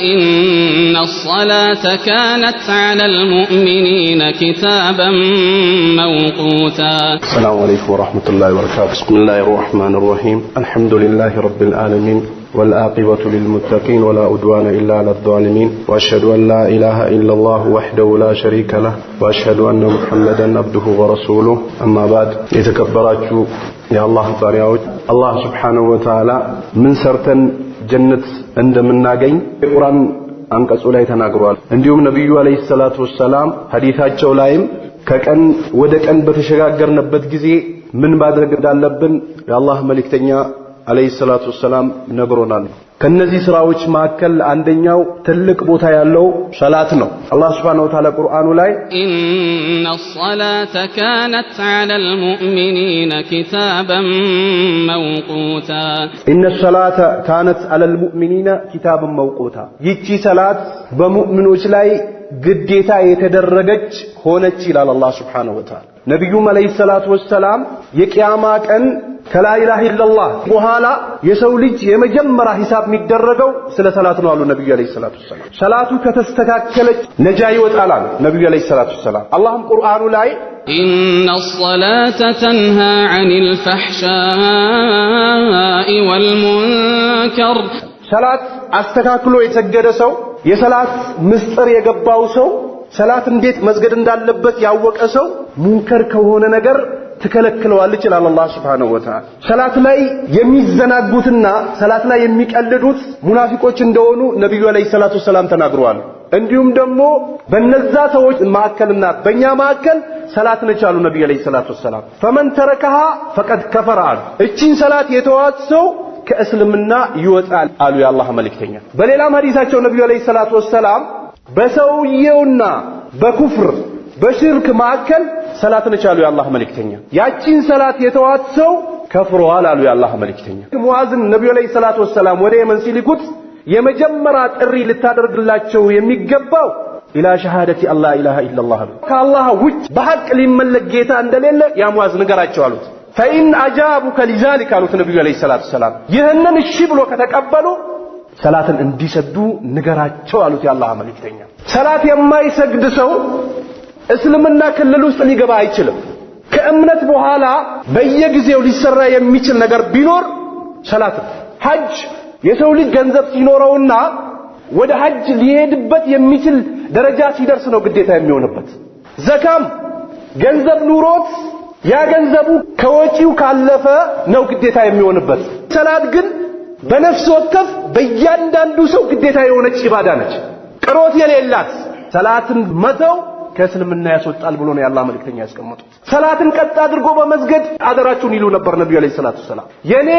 إن الصلاة كانت على المؤمنين كتابا موقوتا السلام عليكم ورحمة الله وبركاته بسم الله الرحمن الرحيم الحمد لله رب العالمين والآقبة للمتقين ولا أدوان إلا على الظالمين وأشهد أن لا إله إلا الله وحده لا شريك له وأشهد أن محمدا عبده ورسوله أما بعد يتكبرات يا الله طارياوج الله سبحانه وتعالى من سرتن من ناقين القرآن አንቀጹ ላይ ተናግሯል። እንዲሁም ነቢዩ አለይሂ ሰላቱ ወሰላም ሐዲታቸው ላይም ከቀን ወደ ቀን በተሸጋገርንበት ጊዜ ምን ማድረግ እንዳለብን የአላህ መልእክተኛ አለይሂ ሰላቱ ወሰላም ነግሮናል። ከነዚህ ስራዎች መካከል አንደኛው ትልቅ ቦታ ያለው ሰላት ነው። አላህ Subhanahu Wa Ta'ala ቁርአኑ ላይ ኢነ الصላተ ካነት ዐለል ሙእሚኒነ ኪታበን መውቁታ ኢነ ሰላተ ካነት ዐለል ሙእሚኒነ ኪታበን መውቁታ ይቺ ሰላት በሙእሚኖች ላይ ግዴታ የተደረገች ሆነች ይላል አላህ Subhanahu Wa Ta'ala ነቢዩም ዓለይሂ ሰላቱ ወሰላም የቅያማ ቀን ከላኢላህ ኢለላህ በኋላ የሰው ልጅ የመጀመሪያ ሂሳብ የሚደረገው ስለ ሰላት ነው አሉ ነቢዩ ዓለይሂ ሰላቱ ወሰላም። ሰላቱ ከተስተካከለች ነጃ ይወጣል አሉ ነቢዩ ዓለይሂ ሰላቱ ወሰላም። አላህም ቁርአኑ ላይ ኢነ ሰላተ ተንሃ ዐኒል ፈሕሻኢ ወልሙንከር ሰላት አስተካክሎ የሰገደ ሰው የሰላት ምስጢር የገባው ሰው ሰላት እንዴት መስገድ እንዳለበት ያወቀ ሰው ሙንከር ከሆነ ነገር ትከለክለዋል ይችላል። አላህ ሱብሓነሁ ወተዓላ ሰላት ላይ የሚዘናጉትና ሰላት ላይ የሚቀልዱት ሙናፊቆች እንደሆኑ ነቢዩ ዓለይሂ ሰላቱ ወሰላም ተናግረዋል። እንዲሁም ደግሞ በነዛ ሰዎች መካከልና በእኛ መካከል ሰላት ነች አሉ ነቢዩ ዓለይሂ ሰላቱ ወሰላም። ፈመን ተረከሃ ፈቀድ ከፈረ አሉ። እቺን ሰላት የተዋት ሰው ከእስልምና ይወጣል አሉ የአላህ መልእክተኛ። በሌላም ሐዲሳቸው ነቢዩ ዓለይሂ ሰላቱ ወሰላም በሰውየውና በኩፍር በሽርክ መካከል ሰላትን ቻሉ የአላህ መልእክተኛ። ያቺን ሰላት የተዋት ሰው ከፍሯል አሉ የአላህ መልእክተኛ። ሙአዝን ነቢዩ ዓለይሂ ሰላቱ ወሰላም ወደ የመን ሲልኩት የመጀመሪያ ጥሪ ልታደርግላቸው የሚገባው ኢላ ሸሃደቲ አላ ኢላሃ ኢላላህ አሉ። ከአላህ ውጭ በሐቅ ሊመለክ ጌታ እንደሌለ ያ ሙአዝ ንገራቸው አሉት። ፈኢን አጃቡከ ሊዛሊክ አሉት ነቢዩ ዓለይሂ ሰላቱ ወሰላም ይህንን እሺ ብሎ ከተቀበሉ ሰላትን እንዲሰግዱ ንገራቸው አሉት የአላህ መልእክተኛ። ሰላት የማይሰግድ ሰው እስልምና ክልል ውስጥ ሊገባ አይችልም። ከእምነት በኋላ በየጊዜው ሊሰራ የሚችል ነገር ቢኖር ሰላት ነው። ሐጅ የሰው ልጅ ገንዘብ ሲኖረውና ወደ ሐጅ ሊሄድበት የሚችል ደረጃ ሲደርስ ነው ግዴታ የሚሆንበት። ዘካም ገንዘብ ኑሮት ያ ገንዘቡ ከወጪው ካለፈ ነው ግዴታ የሚሆንበት። ሰላት ግን በነፍስ ወከፍ በእያንዳንዱ ሰው ግዴታ የሆነች ኢባዳ ነች። ቅሮት የሌላት ሰላትን መተው ከእስልምና ያስወጣል ብሎ ነው የአላህ መልእክተኛ ያስቀመጡት። ሰላትን ቀጥ አድርጎ በመስገድ አደራችሁን ይሉ ነበር ነቢዩ አለይሂ ሰላቱ ሰላም። የኔ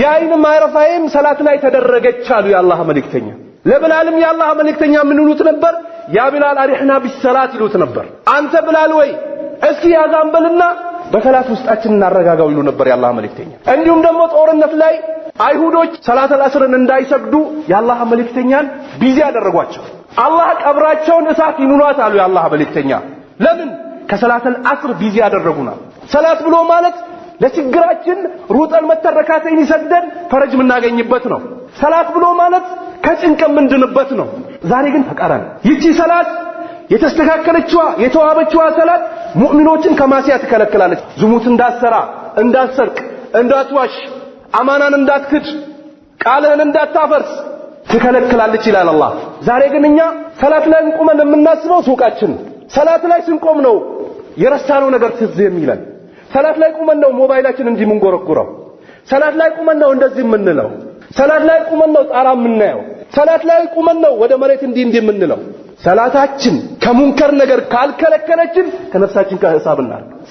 የአይንም አይረፋዬም ሰላት ላይ ተደረገች አሉ የአላህ መልእክተኛ። ለብላልም የአላህ መልእክተኛ ምን ይሉት ነበር? ያ ብላል አሪሕና ቢሰላት ይሉት ነበር። አንተ ብላል ወይ እስኪ ያዛንበልና በሰላት ውስጣችን እናረጋጋው ይሉ ነበር የአላህ መልእክተኛ። እንዲሁም ደግሞ ጦርነት ላይ አይሁዶች ሰላተል አስርን እንዳይሰግዱ የአላህ መልእክተኛን ቢዚ ያደረጓቸው። አላህ ቀብራቸውን እሳት ይኑሯት አሉ የአላህ መልእክተኛ። ለምን ከሰላተል አስር ቢዚ ያደረጉናል። ሰላት ብሎ ማለት ለችግራችን ሩጠን መተረካተኝ ይሰግደን ፈረጅ የምናገኝበት ነው። ሰላት ብሎ ማለት ከጭንቅ የምንድንበት ነው። ዛሬ ግን ተቃራኒ። ይቺ ሰላት የተስተካከለችዋ የተዋበችዋ ሰላት ሙእሚኖችን ከማስያት ትከለክላለች። ዝሙት እንዳትሰራ፣ እንዳትሰርቅ፣ እንዳትዋሽ አማናን እንዳትክድ፣ ቃልህን እንዳታፈርስ ትከለክላለች ይላል አላህ። ዛሬ ግን እኛ ሰላት ላይ እንቆመን የምናስበው ሱቃችን፣ ሰላት ላይ ስንቆም ነው የረሳነው ነገር ትዝ የሚለን። ሰላት ላይ ቁመን ነው ሞባይላችን እንጂ የምንጎረጉረው። ሰላት ላይ ቁመን ነው እንደዚህ የምንለው። ሰላት ላይ ቁመን ነው ጣራ የምናየው። ሰላት ላይ ቁመን ነው ወደ መሬት እንዲህ እንዲህ የምንለው። ሰላታችን ከሙንከር ነገር ካልከለከለችን ከነፍሳችን ጋር ሂሳብ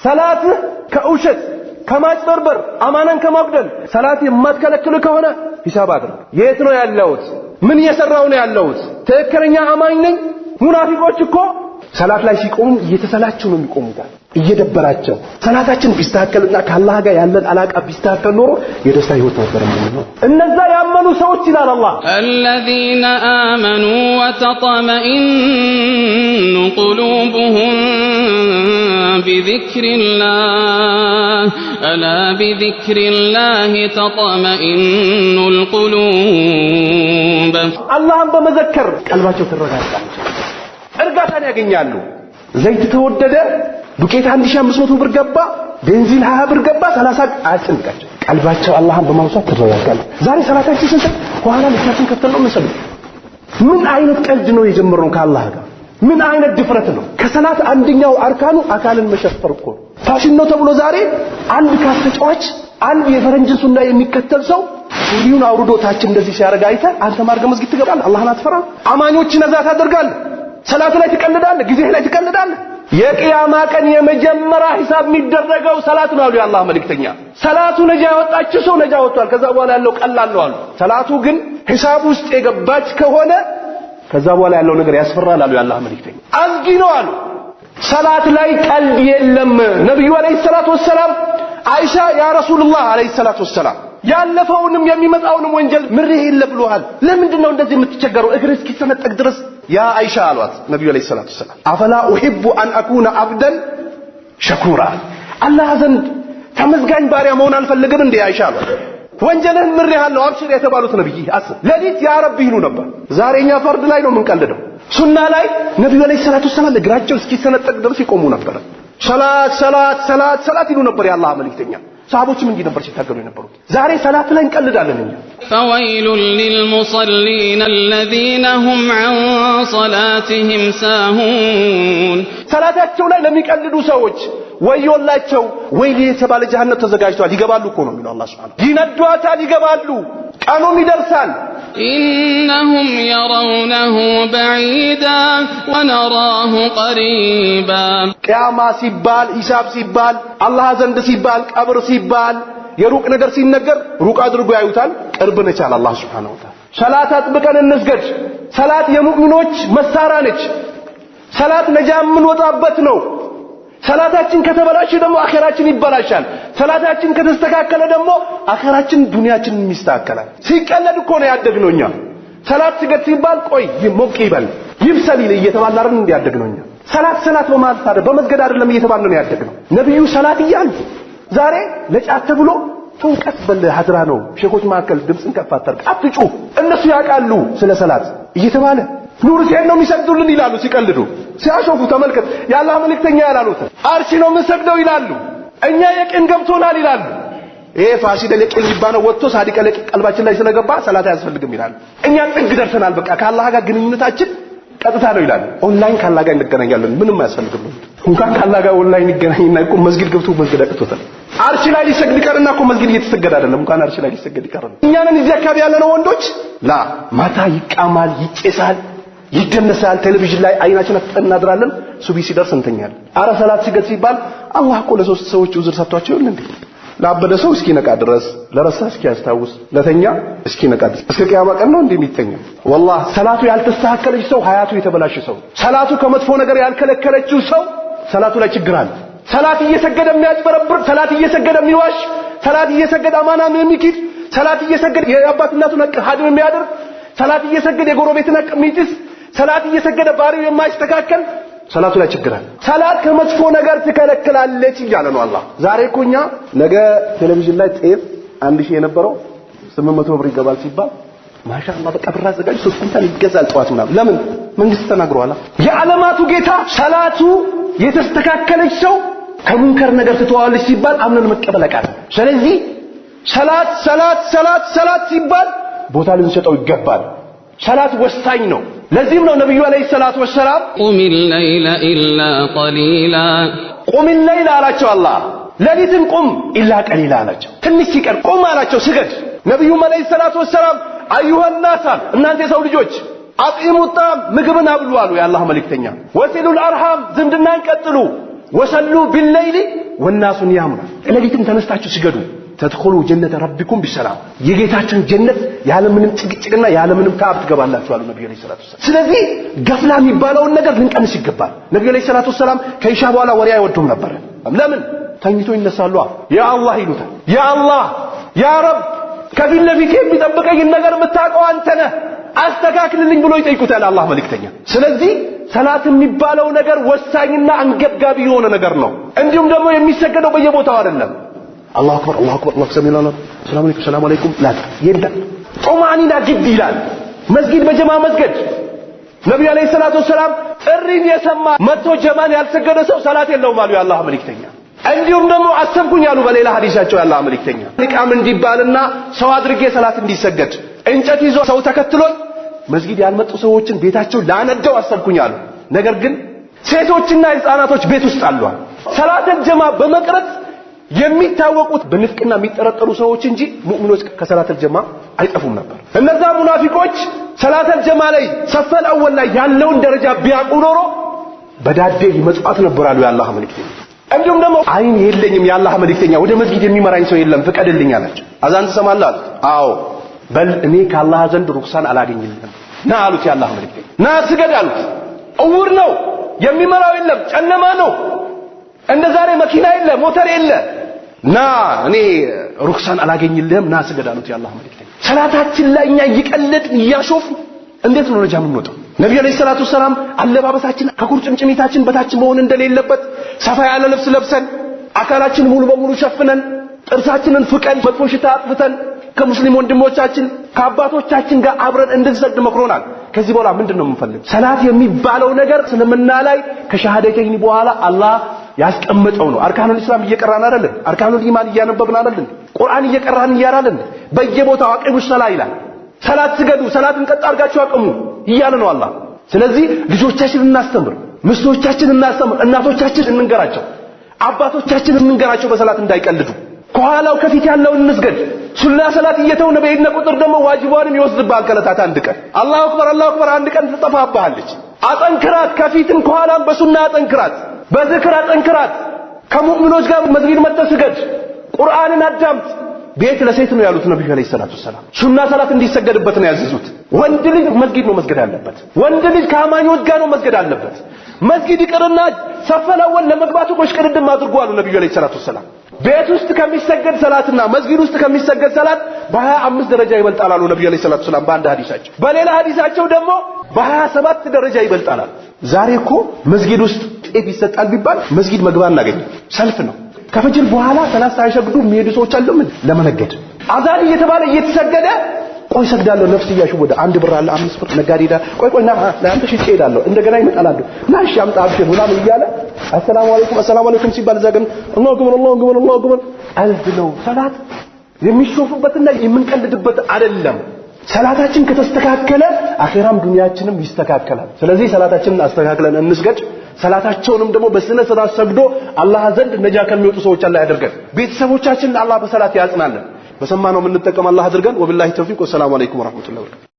ሰላትህ ከውሸት ከማጭበርበር፣ አማናን ከማጉደል ሰላት የማትከለክሉ ከሆነ ሂሳብ አድርግ። የት ነው ያለሁት? ምን እየሰራሁ ነው ያለሁት? ትክክለኛ አማኝ ነኝ? ሙናፊቆች እኮ ሰላት ላይ ሲቆሙ እየተሰላቸው ነው የሚቆሙት፣ እየደበራቸው። ሰላታችን ቢስተካከልና ከአላህ ጋር ያለን አላቃ ቢስተካከል ኖሮ የደስታ ህይወት ነበር የምንኖረው። እነዛ ያመኑ ሰዎች ይላል አላህ الذين آمنوا وتطمئن قلوبهم بذكر الله ألا بذكر الله تطمئن القلوب አላህን በመዘከር ቀልባቸው ትረጋጋለች። እርጋታን ያገኛሉ። ዘይት ተወደደ፣ ዱቄት 1500 ብር ገባ፣ ቤንዚን 20 ብር ገባ፣ 30 አያስጨንቃቸው። ቀልባቸው አላህን በማውሳት ተረጋጋሉ። ዛሬ ሰላታችን ስንሰጥ ኋላ ልብሳችን ከተል ነው መስሉ። ምን አይነት ቀልድ ነው የጀመርነው ከአላህ ጋር? ምን አይነት ድፍረት ነው? ከሰላት አንደኛው አርካኑ አካልን መሸፈር እኮ ነው። ፋሽን ነው ተብሎ ዛሬ አንድ ኳስ ተጫዋች፣ አንድ የፈረንጅ ሱና የሚከተል ሰው ሱሪውን አውርዶ ታች እንደዚህ ሲያደርግ አይተህ አንተ ማርገ መስጊድ ትገባለህ። አላህን አትፈራ? አማኞች ነዛ ታደርጋለህ። ሰላት ላይ ትቀልዳለህ፣ ጊዜህ ላይ ትቀልዳለህ። የቅያማ ቀን የመጀመሪያ ሂሳብ የሚደረገው ሰላት ነው አሉ የአላህ መልእክተኛ። ሰላቱ ነጃ ያወጣችው ሰው ነጃ ወጥቷል። ከዛ በኋላ ያለው ቀላል ነው አሉ። ሰላቱ ግን ሂሳብ ውስጥ የገባች ከሆነ ከዛ በኋላ ያለው ነገር ያስፈራል አሉ የአላህ መልእክተኛ። አዝጊ ነው አሉ። ሰላት ላይ ቀልድ የለም። ነብዩ አለይሂ ሰላቱ ወሰላም አይሻ ያ ረሱልላህ አለይሂ ሰላቱ ወሰላም ያለፈውንም የሚመጣውንም ወንጀል ምሬ የለ ብሎሃል። ለምንድን ነው እንደዚህ የምትቸገረው? እግር እስኪሰነጠቅ ድረስ ያ አይሻ አሏት ነቢዩ ዓለይሂ ሰላቱ ወሰላም አፈላ ኡሂቡ አን አኩነ አብደን ሸኩራ አላህ ዘንድ ተመዝጋኝ ባሪያ መሆን አልፈልግም እንዴ አይሻ አሏት። ወንጀልህን ምሬሃለሁ አብሽር የተባሉት ነብይ አስብ ሌሊት ያ ረቢ ይሉ ነበር። ዛሬ እኛ ፈርድ ላይ ነው የምንቀልደው። ሱና ላይ ነቢዩ ዓለይሂ ሰላቱ ወሰላም እግራቸው እስኪሰነጠቅ ድረስ ይቆሙ ነበር። ሰላት ሰላት ሰላት ሰላት ይሉ ነበር የአላህ መልእክተኛ ሰሃቦች ምን ነበር ሲታገሉ የነበሩት። ዛሬ ሰላት ላይ እንቀልዳለን እኛ። ፈወይሉ ሊልሙሰሊን አለዚነ ሁም አን ሰላትህም ሳሁን፣ ሰላታቸው ላይ ለሚቀልዱ ሰዎች ወዮላቸው። ወይ የተባለ ጀሃነም ተዘጋጅቷል። ይገባሉ እኮ ነው የሚለው አላህ Subhanahu ይነዷታል፣ ይገባሉ፣ ቀኑም ይደርሳል። إنهم يرونه بعيدا ونراه قريبا قياما سيبال حساب سيبال الله زند سيبال قبر سيبال የሩቅ ነገር ሲነገር ሩቅ አድርጎ ያዩታል። ቅርብ ነች አለ አላህ ሱብሓነሁ ወተዓላ። ሰላት አጥብቀን እንስገድ። ሰላት የሙእሚኖች መሳሪያ ነች። ሰላት ነጃ የምንወጣበት ነው። ሰላታችን ከተበላሸ ደግሞ አኼራችን ይበላሻል። ሰላታችን ከተስተካከለ ደግሞ አኼራችን ዱንያችን ይስተካከላል። ሲቀለድ እኮ ነው ያደግነው እኛ። ሰላት ስገድ ሲባል ቆይ ሞቅ ይበል ይብሰል ይል እየተባልን አይደል እንደ ያደግነው እኛ። ሰላት ሰላት በማለት አይደል በመስገድ አይደለም እየተባለ ነው ያደግነው። ነብዩ ሰላት እያሉ ዛሬ ለጫት ተብሎ ተው በል ሀድራ ነው ሼኮች መካከል ድምፅን ከፍ አታድርግ፣ አትጩህ፣ እነሱ ያውቃሉ ስለ ሰላት እየተባለ ኑርሴን ነው የሚሰግዱልን ይላሉ ሲቀልዱ ሲያሾፉ ተመልከት። የአላህ መልእክተኛ ያላሉት አርሺ ነው የምንሰግደው ይላሉ። እኛ የቅን ገብቶናል ይላሉ። ይሄ ፋሲል የቂን የሚባለው ወጥቶ ሳዲቀ ለቅ ቀልባችን ላይ ስለገባ ሰላት አያስፈልግም ይላሉ። እኛ ጥግ ደርሰናል። በቃ ከአላህ ጋር ግንኙነታችን ቀጥታ ነው ይላሉ። ኦንላይን ካላህ ጋር እንገናኛለን ምንም አያስፈልግም። እንኳን ካላህ ጋር ኦንላይን ይገናኝና እኮ መስጊድ ገብቶ መስጊድ አቅቶታል። አርሺ ላይ ሊሰግድ ይቀርና እኮ መስጊድ እየተሰገደ አይደለም፣ እንኳን አርሺ ላይ ሊሰግድ ይቀርና እኛንን እዚህ አካባቢ ያለነው ወንዶች ላ ማታ ይቃማል፣ ይጨሳል ይደነሳል። ቴሌቪዥን ላይ አይናችን እናድራለን። ሱቢ ሲደርስ እንተኛል። አረ ሰላት ሲገድ ሲባል አላህ እኮ ለሶስት ሰዎች ውዝር ሰጥቷቸው ይሁን እንዴ? ላበደ ሰው እስኪ ነቃ ድረስ፣ ለረሳ እስኪ ያስታውስ፣ ለተኛ እስኪ ነቃ ድረስ። እስከ ቂያማ ቀን ነው እንዴ የሚተኛው? ወላሂ ሰላቱ ያልተስተካከለች ሰው ሀያቱ የተበላሸ ሰው፣ ሰላቱ ከመጥፎ ነገር ያልከለከለችው ሰው ሰላቱ ላይ ችግር አለ። ሰላት እየሰገደ የሚያጭበረብር፣ ሰላት እየሰገደ የሚዋሽ፣ ሰላት እየሰገደ አማናም የሚክድ፣ ሰላት እየሰገደ የአባት እናቱን ሐቅ ሀድር የሚያደርግ፣ ሰላት እየሰገደ የጎረቤትን ሐቅ የሚጥስ ሰላት እየሰገደ ባህሪው የማይስተካከል ሰላቱ ላይ ችግር አለ። ሰላት ከመጥፎ ነገር ትከለክላለች እያለ ነው አላህ። ዛሬ እኮ እኛ ነገ ቴሌቪዥን ላይ ጤፍ አንድ ሺህ የነበረው ስምንት መቶ ብር ይገባል ሲባል ማሻአላ በቃ ብር አዘጋጅ ሶስት ኩንታል ይገዛል ጠዋት ምናምን። ለምን መንግስት ተናግሯል። የዓለማቱ ጌታ ሰላቱ የተስተካከለች ሰው ከሙንከር ነገር ትተዋለች ሲባል አምነን መቀበል አቃተን። ስለዚህ ሰላት ሰላት ሰላት ሰላት ሲባል ቦታ ልንሰጠው ይገባል። ሰላት ወሳኝ ነው። ለዚህም ነው ነቢዩ አለይሂ ሰላቱ ወሰላም ቁም ለይለ ኢላ ቀሊላ ቁም ለይል አላቸው። አላህ ለሊትም ቁም ኢላ ቀሊላ አላቸው፣ ትንሽ ሲቀር ቁም አላቸው። ስገድ ነቢዩም አለይሂ ሰላቱ ወሰላም አዩሃናሳ እናንተ የሰው ልጆች አጢሙ ጣም ምግብን አብሉ አሉ የአላህ መልእክተኛ። ወሲሉል አርሃም ዝምድናን ቀጥሉ። ወሰሉ ቢለይሊ ወናሱ ኒያሙ ሌሊትም ተነስታችሁ ስገዱ። ተድኹሉ ጀነተ ረቢኩም ቢሰላም የጌታችን ጀነት ያለምንም ጭቅጭቅና ያለምንም ተአብ ትገባላችሁ አሉ ነብዩ ሰለላሁ ዐለይሂ ወሰለም። ስለዚህ ገፍላ የሚባለውን ነገር ልንቀንስ ይገባል። ነብዩ ሰለላሁ ዐለይሂ ሰላም ከኢሻ በኋላ ወሬ አይወዱም ነበር። ለምን? ተኝቶ ይነሳሉ። የአላህ አላህ ይሉታል። ያ ያ ረብ ከፊት ለፊት የሚጠብቀኝን ነገር የምታውቀው አንተነ አስተካክልልኝ ብሎ ይጠይቁታል አላህ መልእክተኛ። ስለዚህ ሰላት የሚባለው ነገር ወሳኝና አንገብጋቢ የሆነ ነገር ነው። እንዲሁም ደግሞ የሚሰገደው በየቦታው አይደለም። አላሁ አክበር አላሁ አክበር አላሁ ሰሚላ አላሁ ሰላም አለይኩም ሰላም አለይኩም ላል የለም። ጦማኒና ግድ ይላል። መስጊድ በጀማ መስገድ ነብዩ አለይሂ ሰላቱ ወሰላም ጥሪን የሰማ መጥቶ ጀማን ያልሰገደ ሰው ሰላት የለውም አሉ የአላህ መልእክተኛ። እንዲሁም ደግሞ አሰብኩኝ አሉ በሌላ ሐዲሳቸው የአላህ መልእክተኛ። ኢቃም እንዲባልና ሰው አድርጌ ሰላት እንዲሰገድ እንጨት ይዞ ሰው ተከትሎኝ መስጊድ ያልመጡ ሰዎችን ቤታቸው ላነደው አሰብኩኝ አሉ። ነገር ግን ሴቶችና ሕፃናቶች ቤት ውስጥ አሏል። ሰላተል ጀማ በመቅረጽ የሚታወቁት በንፍቅና የሚጠረጠሩ ሰዎች እንጂ ሙእሚኖች ከሰላተል ጀማ አይጠፉም ነበር። እነዛ ሙናፊቆች ሰላተል ጀማ ላይ ሰፈል አወል ላይ ያለውን ደረጃ ቢያውቁ ኖሮ በዳዴ ይመጽዋት ነበር አሉ የአላህ መልእክተኛ። እንዲሁም ደግሞ አይን የለኝም የአላህ መልእክተኛ፣ ወደ መስጊድ የሚመራኝ ሰው የለም ፍቀድልኝ አላቸው። አዛን ትሰማለህ አሉት። አዎ በል እኔ ከአላህ ዘንድ ሩክሳን አላገኝም ና አሉት። የአላህ መልእክተኛ ና ስገድ አሉት። እውር ነው የሚመራው የለም፣ ጨለማ ነው። እንደ ዛሬ መኪና የለ፣ ሞተር የለ ና እኔ ሩክሳን አላገኝልህም ና ስገድ አሉት። የአላህ መልእክተኛ ሰላታችን ላይ እኛ እየቀለድን እያሾፍን እንዴት ነው ነጃ የምንወጣው? ነቢዩ አለይሂ ሰላቱ ሰላም አለባበሳችን ከቁርጭምጭሚታችን በታች መሆን እንደሌለበት ሰፋ ያለ ልብስ ለብሰን አካላችን ሙሉ በሙሉ ሸፍነን ጥርሳችንን ፍቀን መጥፎ ሽታ አጥፍተን ከሙስሊም ወንድሞቻችን ከአባቶቻችን ጋር አብረን እንድንሰግድ መክሮናል። ከዚህ በኋላ ምንድን ነው የምንፈልግ? ሰላት የሚባለው ነገር ስለምናላይ ከሸሃደተይን በኋላ አላህ ያስቀመጠው ነው። አርካኑል ኢስላም እየቀራን አይደለም? አርካኑል ኢማን እያነበብን አይደለም? ቁርአን እየቀራን እያላለን በየቦታው አቅሙ ሰላ ይላል። ሰላት ስገዱ፣ ሰላትን ቀጥ አድርጋችሁ አቅሙ እያለ ነው አላህ። ስለዚህ ልጆቻችን እናስተምር፣ ምስቶቻችን እናስተምር፣ እናቶቻችን እንንገራቸው፣ አባቶቻችን እንንገራቸው በሰላት እንዳይቀልዱ። ከኋላው ከፊት ያለውን እንስገድ። ሱና ሰላት እየተው በሄድን ቁጥር ደግሞ ዋጅቧንም ይወስድብሃል። ከለታት አንድ ቀን አላሁ አክበር አላሁ አክበር አንድ ቀን ትጠፋብሃለች። አጠንክራት፣ ከፊትም ከኋላም በሱና አጠንክራት። በዝክር አጠንክራት። ከሙእሚኖች ጋር መስጊድ መጥተህ ስገድ፣ ቁርአንን አዳምጥ። ቤት ለሴት ነው ያሉት ነብዩ አለይሂ ሰላቱ ሰላም። ሱና ሰላት እንዲሰገድበት ነው ያዘዙት። ወንድ ልጅ መስጊድ ነው መስገድ አለበት። ወንድ ልጅ ከአማኞች ጋር ነው መስገድ አለበት። መስጊድ ይቅርና ሰፈል ለመግባት እኮ እሽቅድድም አድርጎ አሉ ነብዩ አለይሂ ሰላቱ ሰላም። ቤት ውስጥ ከሚሰገድ ሰላትና መስጊድ ውስጥ ከሚሰገድ ሰላት በሀያ አምስት ደረጃ ይበልጣል አሉ ነብዩ አለይሂ ሰላቱ ሰላም በአንድ ሀዲሳቸው በሌላ ሀዲሳቸው ደግሞ በሀያ ሰባት ደረጃ ይበልጣል። ዛሬ እኮ መስጊድ ውስጥ ጤፍ ይሰጣል ቢባል መስጊድ መግባት እናገኛለን። ሰልፍ ነው። ከፈጅር በኋላ ሰላት ሳይሰግዱ የሚሄዱ ሰዎች አሉ። ምን ለመነገድ አዛን እየተባለ እየተሰገደ ቆይ ሰግዳለሁ ነፍስያሽ ወደ አንድ ብር አለ አምስት ብር ነጋዴ ዳ ቆይ ቆይ ና አንተ ሽጬ እሄዳለሁ እንደገና ይመጣል አንዱ ና እሺ አምጣ አብሽር ምናምን እያለ አሰላሙ አለይኩም አሰላሙ አለይኩም ሲባል እዛ ግን አላሁ አክበር አላሁ አክበር አላሁ አክበር አልፍ ነው ሰላት የሚሾፉበትና የምንቀልድበት አይደለም ሰላታችን ከተስተካከለ አኺራም ዱንያችንም ይስተካከላል ስለዚህ ሰላታችንን አስተካክለን እንስገድ ሰላታቸውንም ደግሞ በስነ ስርዓት ሰግዶ አላህ ዘንድ ነጃ ከሚወጡ ሰዎች አላህ ያደርገን ቤተሰቦቻችንን አላህ በሰላት ያጽናለን بسمانو من نتكم الله درغان وبالله التوفيق والسلام عليكم ورحمه الله وبركاته